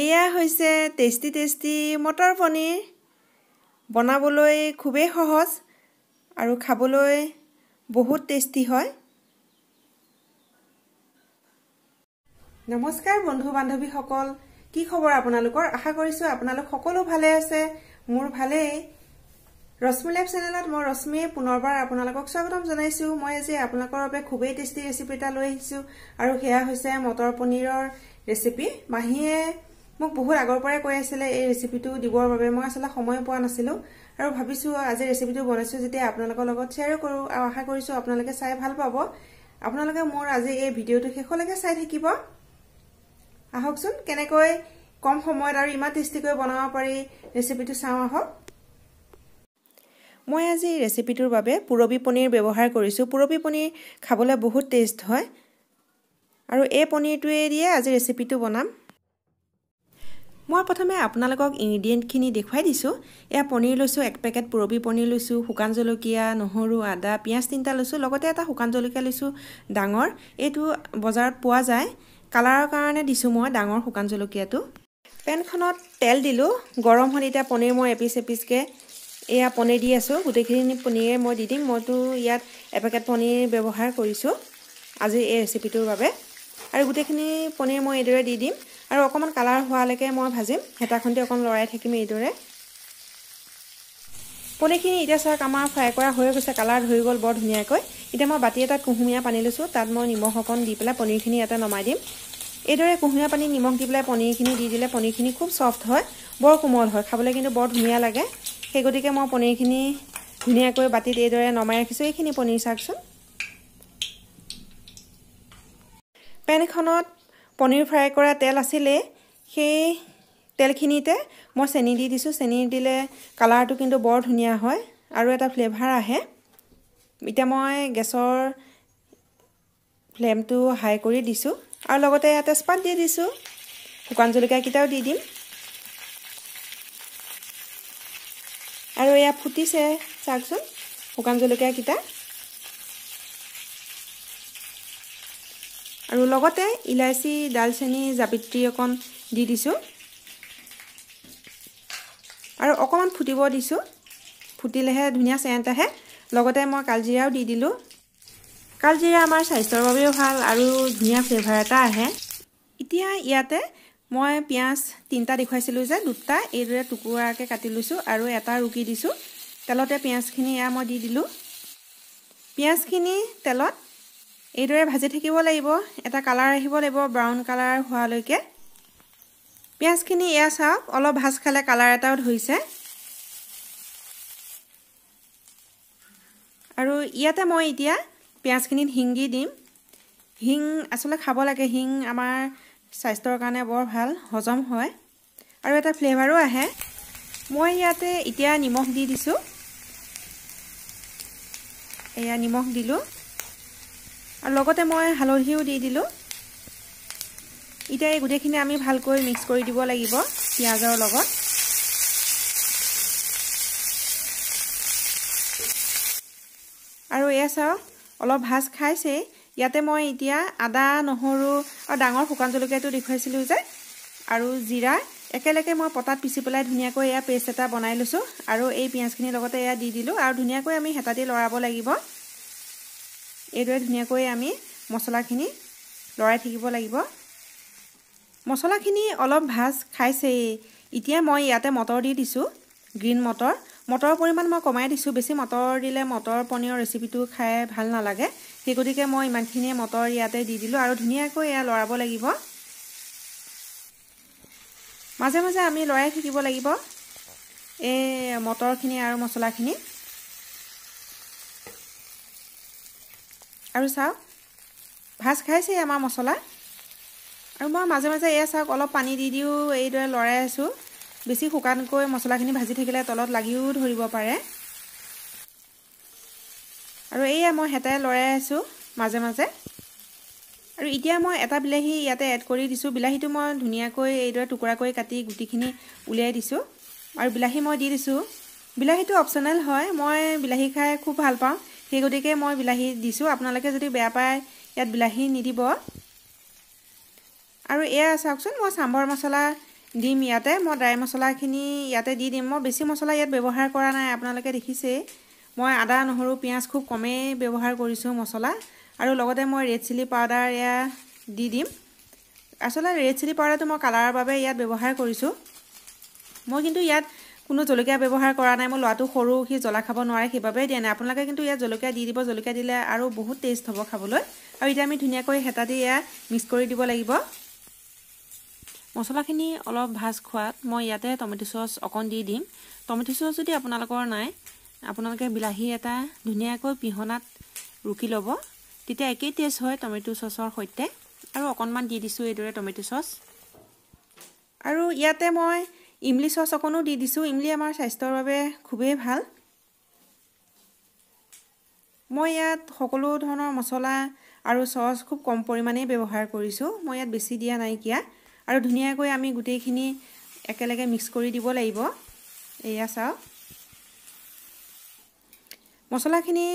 এয়া হৈছে tasty tasty মটৰ পনীৰ বনাবলৈ খুবেই সহজ আৰু খাবলৈ বহুত টেষ্টি হয় নমস্কাৰ বন্ধু বান্ধৱীসকল কি খবৰ আপোনালোকৰ আশা কৰিছোঁ আপোনালোক সকলো ভালে আছে মোৰ ভালেই ৰশ্মি লাইভ চেনেলত মই ৰশ্মিয়ে পুনৰবাৰ আপোনালোকক স্বাগতম জনাইছোঁ মই আজি আপোনালোকৰ বাবে খুবেই টেষ্টি ৰেচিপি এটা লৈ আহিছোঁ আৰু সেয়া হৈছে মটৰ পনীৰৰ ৰেচিপি মাহীয়ে মোক বহুত আগৰ পৰাই কৈ আছিলে এই ৰেচিপিটো দিবৰ বাবে মই আচলতে সময় পোৱা নাছিলোঁ আৰু ভাবিছোঁ আজি ৰেচিপিটো বনাইছোঁ যেতিয়া আপোনালোকৰ লগত শ্বেয়াৰো কৰোঁ আৰু আশা কৰিছোঁ আপোনালোকে চাই ভাল পাব আপোনালোকে মোৰ আজি এই ভিডিঅটো শেষলৈকে চাই থাকিব আহকচোন কেনেকৈ কম সময়ত আৰু ইমান টেষ্টিকৈ বনাব পাৰি ৰেচিপিটো চাওঁ আহক মই আজি ৰেচিপিটোৰ বাবে পুৰবি পনীৰ ব্যৱহাৰ কৰিছোঁ পুৰবি পনীৰ খাবলৈ বহুত টেষ্ট হয় আৰু এই পনীৰটোৱে দিয়ে আজি ৰেচিপিটো বনাম মই প্ৰথমে আপোনালোকক ইনগ্ৰিডিয়েণ্টখিনি দেখুৱাই দিছোঁ এয়া পনীৰ লৈছোঁ এক পেকেট পুৰবী পনীৰ লৈছোঁ শুকান জলকীয়া নহৰু আদা পিঁয়াজ তিনিটা লৈছোঁ লগতে এটা শুকান জলকীয়া লৈছোঁ ডাঙৰ এইটো বজাৰত পোৱা যায় কালাৰৰ কাৰণে দিছোঁ মই ডাঙৰ শুকান জলকীয়াটো পেনখনত তেল দিলোঁ গৰম হ'ল এতিয়া পনীৰ মই এপিচ এপিচকৈ এয়া পনীৰ দি আছোঁ গোটেইখিনি পনীৰে মই দি দিম মইতো ইয়াত এপেকেট পনীৰ ব্যৱহাৰ কৰিছোঁ আজি এই ৰেচিপিটোৰ বাবে আৰু গোটেইখিনি পনীৰ মই এইদৰে দি দিম আৰু অকণমান কালাৰ হোৱালৈকে মই ভাজিম হেতাখনটি অকণ লৰাই থাকিম এইদৰে পনীৰখিনি এতিয়া চাওক আমাৰ ফ্ৰাই কৰা হৈ গৈছে কালাৰ ধৰি গ'ল বৰ ধুনীয়াকৈ এতিয়া মই বাতি এটাত কুহুমীয়া পানী লৈছোঁ তাত মই নিমখ অকণ দি পেলাই পনীৰখিনি ইয়াতে নমাই দিম এইদৰে কুহুমীয়া পানী নিমখ দি পেলাই পনীৰখিনি দি দিলে পনীৰখিনি খুব চফ্ট হয় বৰ কোমল হয় খাবলৈ কিন্তু বৰ ধুনীয়া লাগে সেই গতিকে মই পনীৰখিনি ধুনীয়াকৈ বাতিত এইদৰে নমাই ৰাখিছোঁ এইখিনি পনীৰ চাওকচোন পেন এখনত পনীৰ ফ্ৰাই কৰা তেল আছিলেই সেই তেলখিনিতে মই চেনি দি দিছোঁ চেনি দিলে কালাৰটো কিন্তু বৰ ধুনীয়া হয় আৰু এটা ফ্লেভাৰ আহে এতিয়া মই গেছৰ ফ্লেমটো হাই কৰি দিছোঁ আৰু লগতে ইয়াত তেজপাত দি দিছোঁ শুকান জলকীয়াকেইটাও দি দিম আৰু এয়া ফুটিছে চাওকচোন শুকান জলকীয়াকেইটা আৰু লগতে ইলাচি ডালচেনি জাবিত্ৰী অকণ দি দিছোঁ আৰু অকণমান ফুটিব দিছোঁ ফুটিলেহে ধুনীয়া চেণ্ট আহে লগতে মই কালজিৰাও দি দিলোঁ কালজিৰা আমাৰ স্বাস্থ্যৰ বাবেও ভাল আৰু ধুনীয়া ফ্লেভাৰ এটা আহে এতিয়া ইয়াতে মই পিঁয়াজ তিনিটা দেখুৱাইছিলোঁ যে দুটা এইদৰে টুকুৰাকৈ কাটি লৈছোঁ আৰু এটা ৰুকি দিছোঁ তেলতে পিঁয়াজখিনি এয়া মই দি দিলোঁ পিঁয়াজখিনি তেলত এইদৰে ভাজি থাকিব লাগিব এটা কালাৰ আহিব লাগিব ব্ৰাউন কালাৰ হোৱালৈকে পিঁয়াজখিনি এয়া চাওক অলপ ভাজ খালে কালাৰ এটাও ধৰিছে আৰু ইয়াতে মই এতিয়া পিঁয়াজখিনিত শিঙি দিম শিং আচলতে খাব লাগে শিং আমাৰ স্বাস্থ্যৰ কাৰণে বৰ ভাল হজম হয় আৰু এটা ফ্লেভাৰো আহে মই ইয়াতে এতিয়া নিমখ দি দিছোঁ এয়া নিমখ দিলোঁ আৰু লগতে মই হালধিও দি দিলোঁ এতিয়া এই গোটেইখিনি আমি ভালকৈ মিক্স কৰি দিব লাগিব পিঁয়াজৰ লগত আৰু এয়া চাওক অলপ ভাজ খাইছেই ইয়াতে মই এতিয়া আদা নহৰু আৰু ডাঙৰ শুকান জলকীয়াটো দেখুৱাইছিলোঁ যে আৰু জিৰা একেলগে মই পতাত পিচি পেলাই ধুনীয়াকৈ এয়া পেষ্ট এটা বনাই লৈছোঁ আৰু এই পিঁয়াজখিনিৰ লগতে এয়া দি দিলোঁ আৰু ধুনীয়াকৈ আমি হেতা দি লৰাব লাগিব এইদৰে ধুনীয়াকৈ আমি মচলাখিনি লৰাই থাকিব লাগিব মচলাখিনি অলপ ভাজ খাইছেই এতিয়া মই ইয়াতে মটৰ দি দিছোঁ গ্ৰীণ মটৰ মটৰৰ পৰিমাণ মই কমাই দিছোঁ বেছি মটৰ দিলে মটৰ পনীৰৰ ৰেচিপিটো খাই ভাল নালাগে সেই গতিকে মই ইমানখিনিয়ে মটৰ ইয়াতে দি দিলোঁ আৰু ধুনীয়াকৈ এয়া লৰাব লাগিব মাজে মাজে আমি লৰাই থাকিব লাগিব এই মটৰখিনি আৰু মচলাখিনি আৰু চাওক ভাজ খাইছে আমাৰ মছলা আৰু মই মাজে মাজে এয়া চাওক অলপ পানী দি দিও এইদৰে লৰাই আছোঁ বেছি শুকানকৈ মছলাখিনি ভাজি থাকিলে তলত লাগিও ধৰিব পাৰে আৰু এয়া মই হেতাই লৰাই আছোঁ মাজে মাজে আৰু এতিয়া মই এটা বিলাহী ইয়াতে এড কৰি দিছোঁ বিলাহীটো মই ধুনীয়াকৈ এইদৰে টুকুৰাকৈ কাটি গুটিখিনি উলিয়াই দিছোঁ আৰু বিলাহী মই দি দিছোঁ বিলাহীটো অপচনেল হয় মই বিলাহী খাই খুব ভাল পাওঁ সেই গতিকে মই বিলাহী দিছোঁ আপোনালোকে যদি বেয়া পায় ইয়াত বিলাহী নিদিব আৰু এয়া চাওকচোন মই চাম্বৰ মছলা দিম ইয়াতে মই ড্ৰাই মছলাখিনি ইয়াতে দি দিম মই বেছি মছলা ইয়াত ব্যৱহাৰ কৰা নাই আপোনালোকে দেখিছেই মই আদা নহৰু পিঁয়াজ খুব কমেই ব্যৱহাৰ কৰিছোঁ মছলা আৰু লগতে মই ৰেড চিলি পাউডাৰ এয়া দি দিম আচলতে ৰেড চিলি পাউডাৰটো মই কালাৰৰ বাবে ইয়াত ব্যৱহাৰ কৰিছোঁ মই কিন্তু ইয়াত কোনো জলকীয়া ব্যৱহাৰ কৰা নাই মই ল'ৰাটো সৰু সি জ্বলা খাব নোৱাৰে সেইবাবে দিয়া নাই আপোনালোকে কিন্তু ইয়াত জলকীয়া দি দিব জলকীয়া দিলে আৰু বহুত টেষ্ট হ'ব খাবলৈ আৰু এতিয়া আমি ধুনীয়াকৈ হেতা দি এয়া মিক্স কৰি দিব লাগিব মছলাখিনি অলপ ভাজ খোৱাত মই ইয়াতে টমেটো চচ অকণ দি দিম টমেটো চচ যদি আপোনালোকৰ নাই আপোনালোকে বিলাহী এটা ধুনীয়াকৈ পিহনাত ৰুকি ল'ব তেতিয়া একেই টেষ্ট হয় টমেটো চচৰ সৈতে আৰু অকণমান দি দিছোঁ এইদৰে টমেটো চচ আৰু ইয়াতে মই ইমলি চচ অকণো দি দিছোঁ ইমলি আমাৰ স্বাস্থ্যৰ বাবে খুবেই ভাল মই ইয়াত সকলো ধৰণৰ মচলা আৰু চচ খুব কম পৰিমাণেই ব্যৱহাৰ কৰিছোঁ মই ইয়াত বেছি দিয়া নাইকিয়া আৰু ধুনীয়াকৈ আমি গোটেইখিনি একেলগে মিক্স কৰি দিব লাগিব এয়া চাওক মচলাখিনি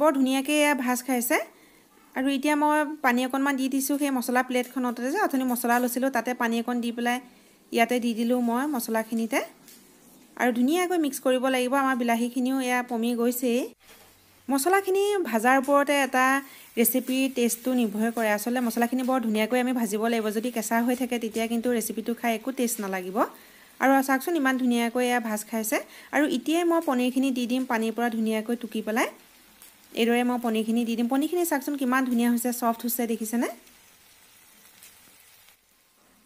বৰ ধুনীয়াকৈ এয়া ভাজ খাইছে আৰু এতিয়া মই পানী অকণমান দি দিছোঁ সেই মচলা প্লেটখনতে যে অথনি মচলা লৈছিলোঁ তাতে পানী অকণ দি পেলাই ইয়াতে দি দিলোঁ মই মচলাখিনিতে আৰু ধুনীয়াকৈ মিক্স কৰিব লাগিব আমাৰ বিলাহীখিনিও এয়া পমি গৈছেই মচলাখিনি ভজাৰ ওপৰতে এটা ৰেচিপিৰ টেষ্টটো নিৰ্ভৰ কৰে আচলতে মচলাখিনি বৰ ধুনীয়াকৈ আমি ভাজিব লাগিব যদি কেঁচা হৈ থাকে তেতিয়া কিন্তু ৰেচিপিটো খাই একো টেষ্ট নালাগিব আৰু চাওকচোন ইমান ধুনীয়াকৈ এয়া ভাজ খাইছে আৰু এতিয়াই মই পনীৰখিনি দি দিম পানীৰ পৰা ধুনীয়াকৈ টুকি পেলাই এইদৰে মই পনীৰখিনি দি দিম পনীৰখিনি চাওকচোন কিমান ধুনীয়া হৈছে চফ্ট হৈছে দেখিছেনে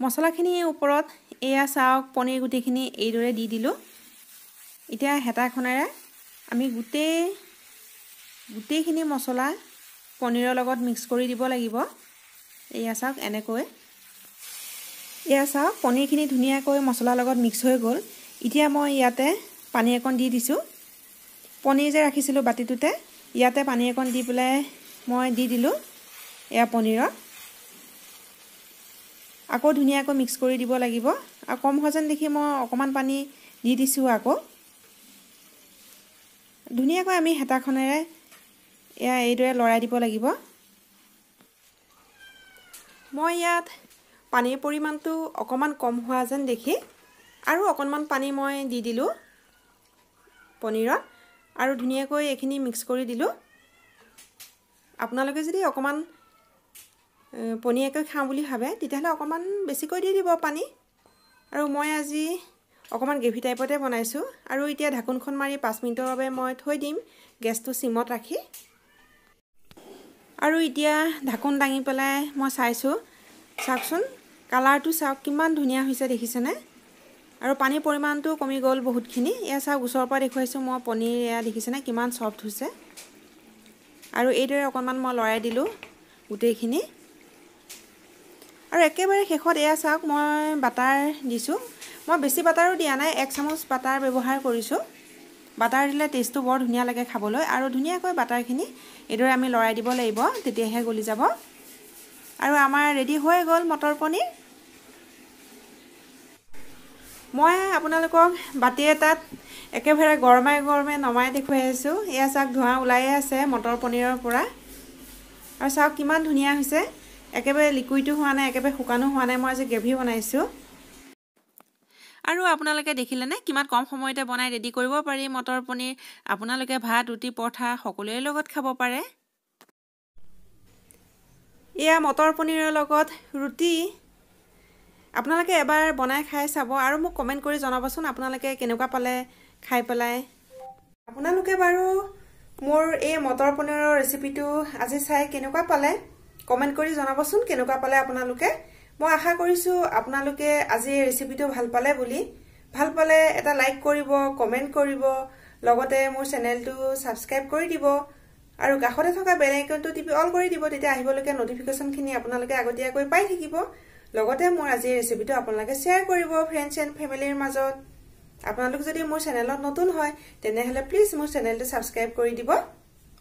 মচলাখিনিৰ ওপৰত এয়া চাওক পনীৰ গুটিখিনি এইদৰে দি দিলোঁ এতিয়া হেতাখনেৰে আমি গোটেই গোটেইখিনি মচলা পনীৰৰ লগত মিক্স কৰি দিব লাগিব এয়া চাওক এনেকৈ এয়া চাওক পনীৰখিনি ধুনীয়াকৈ মচলাৰ লগত মিক্স হৈ গ'ল এতিয়া মই ইয়াতে পানী অকণ দি দিছোঁ পনীৰ যে ৰাখিছিলোঁ বাতিটোতে ইয়াতে পানী অকণ দি পেলাই মই দি দিলোঁ এয়া পনীৰৰ আকৌ ধুনীয়াকৈ মিক্স কৰি দিব লাগিব আৰু কম হোৱা যেন দেখি মই অকণমান পানী দি দিছোঁ আকৌ ধুনীয়াকৈ আমি হেতাখনেৰে এয়া এইদৰে লৰাই দিব লাগিব মই ইয়াত পানীৰ পৰিমাণটো অকণমান কম হোৱা যেন দেখি আৰু অকণমান পানী মই দি দিলোঁ পনীৰত আৰু ধুনীয়াকৈ এইখিনি মিক্স কৰি দিলোঁ আপোনালোকে যদি অকণমান পনীয়াকে খাওঁ বুলি ভাবে তেতিয়াহ'লে অকণমান বেছিকৈ দি দিব পানী আৰু মই আজি অকণমান গ্ৰেভি টাইপতে বনাইছোঁ আৰু এতিয়া ঢাকোনখন মাৰি পাঁচ মিনিটৰ বাবে মই থৈ দিম গেছটো চিমত ৰাখি আৰু এতিয়া ঢাকোন দাঙি পেলাই মই চাইছোঁ চাওকচোন কালাৰটো চাওক কিমান ধুনীয়া হৈছে দেখিছেনে আৰু পানীৰ পৰিমাণটো কমি গ'ল বহুতখিনি এয়া চাওক ওচৰৰ পৰা দেখুৱাইছোঁ মই পনীৰ এয়া দেখিছেনে কিমান চফ্ট হৈছে আৰু এইদৰে অকণমান মই লৰাই দিলোঁ গোটেইখিনি আৰু একেবাৰে শেষত এয়া চাওক মই বাটাৰ দিছোঁ মই বেছি বাটাৰো দিয়া নাই এক চামুচ বাটাৰ ব্যৱহাৰ কৰিছোঁ বাটাৰ দিলে টেষ্টটো বৰ ধুনীয়া লাগে খাবলৈ আৰু ধুনীয়াকৈ বাটাৰখিনি এইদৰে আমি লৰাই দিব লাগিব তেতিয়াহে গলি যাব আৰু আমাৰ ৰেডি হৈ গ'ল মটৰ পনীৰ মই আপোনালোকক বাতি এটাত একেবাৰে গৰমাই গৰমে নমাই দেখুৱাই আছোঁ এয়া চাওক ধোঁৱা ওলাই আছে মটৰ পনীৰৰ পৰা আৰু চাওক কিমান ধুনীয়া হৈছে একেবাৰে লিকুইডো হোৱা নাই একেবাৰে শুকানো হোৱা নাই মই আজি গ্ৰেভি বনাইছোঁ আৰু আপোনালোকে দেখিলেনে কিমান কম সময়তে বনাই ৰেডি কৰিব পাৰি মটৰ পনীৰ আপোনালোকে ভাত ৰুটি পৰঠা সকলোৰে লগত খাব পাৰে এয়া মটৰ পনীৰৰ লগত ৰুটি আপোনালোকে এবাৰ বনাই খাই চাব আৰু মোক কমেণ্ট কৰি জনাবচোন আপোনালোকে কেনেকুৱা পালে খাই পেলাই আপোনালোকে বাৰু মোৰ এই মটৰ পনীৰৰ ৰেচিপিটো আজি চাই কেনেকুৱা পালে কমেণ্ট কৰি জনাবচোন কেনেকুৱা পালে আপোনালোকে মই আশা কৰিছোঁ আপোনালোকে আজি ৰেচিপিটো ভাল পালে বুলি ভাল পালে এটা লাইক কৰিব কমেণ্ট কৰিব লগতে মোৰ চেনেলটো ছাবস্ক্ৰাইব কৰি দিব আৰু কাষতে থকা বেল আইকনটো টিপি অল কৰি দিব তেতিয়া আহিবলগীয়া ন'টিফিকেশ্যনখিনি আপোনালোকে আগতীয়াকৈ পাই থাকিব লগতে মোৰ আজিৰ ৰেচিপিটো আপোনালোকে শ্বেয়াৰ কৰিব ফ্ৰেণ্ডছ এণ্ড ফেমিলিৰ মাজত আপোনালোক যদি মোৰ চেনেলত নতুন হয় তেনেহ'লে প্লিজ মোৰ চেনেলটো ছাবস্ক্ৰাইব কৰি দিব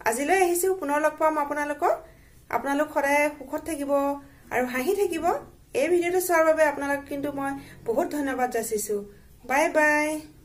আজিলৈ আহিছোঁ পুনৰ লগ পাম আপোনালোকক আপোনালোক সদায় সুখত থাকিব আৰু হাঁহি থাকিব এই ভিডিঅ'টো চোৱাৰ বাবে আপোনালোক কিন্তু মই বহুত ধন্যবাদ যাচিছোঁ বাই বাই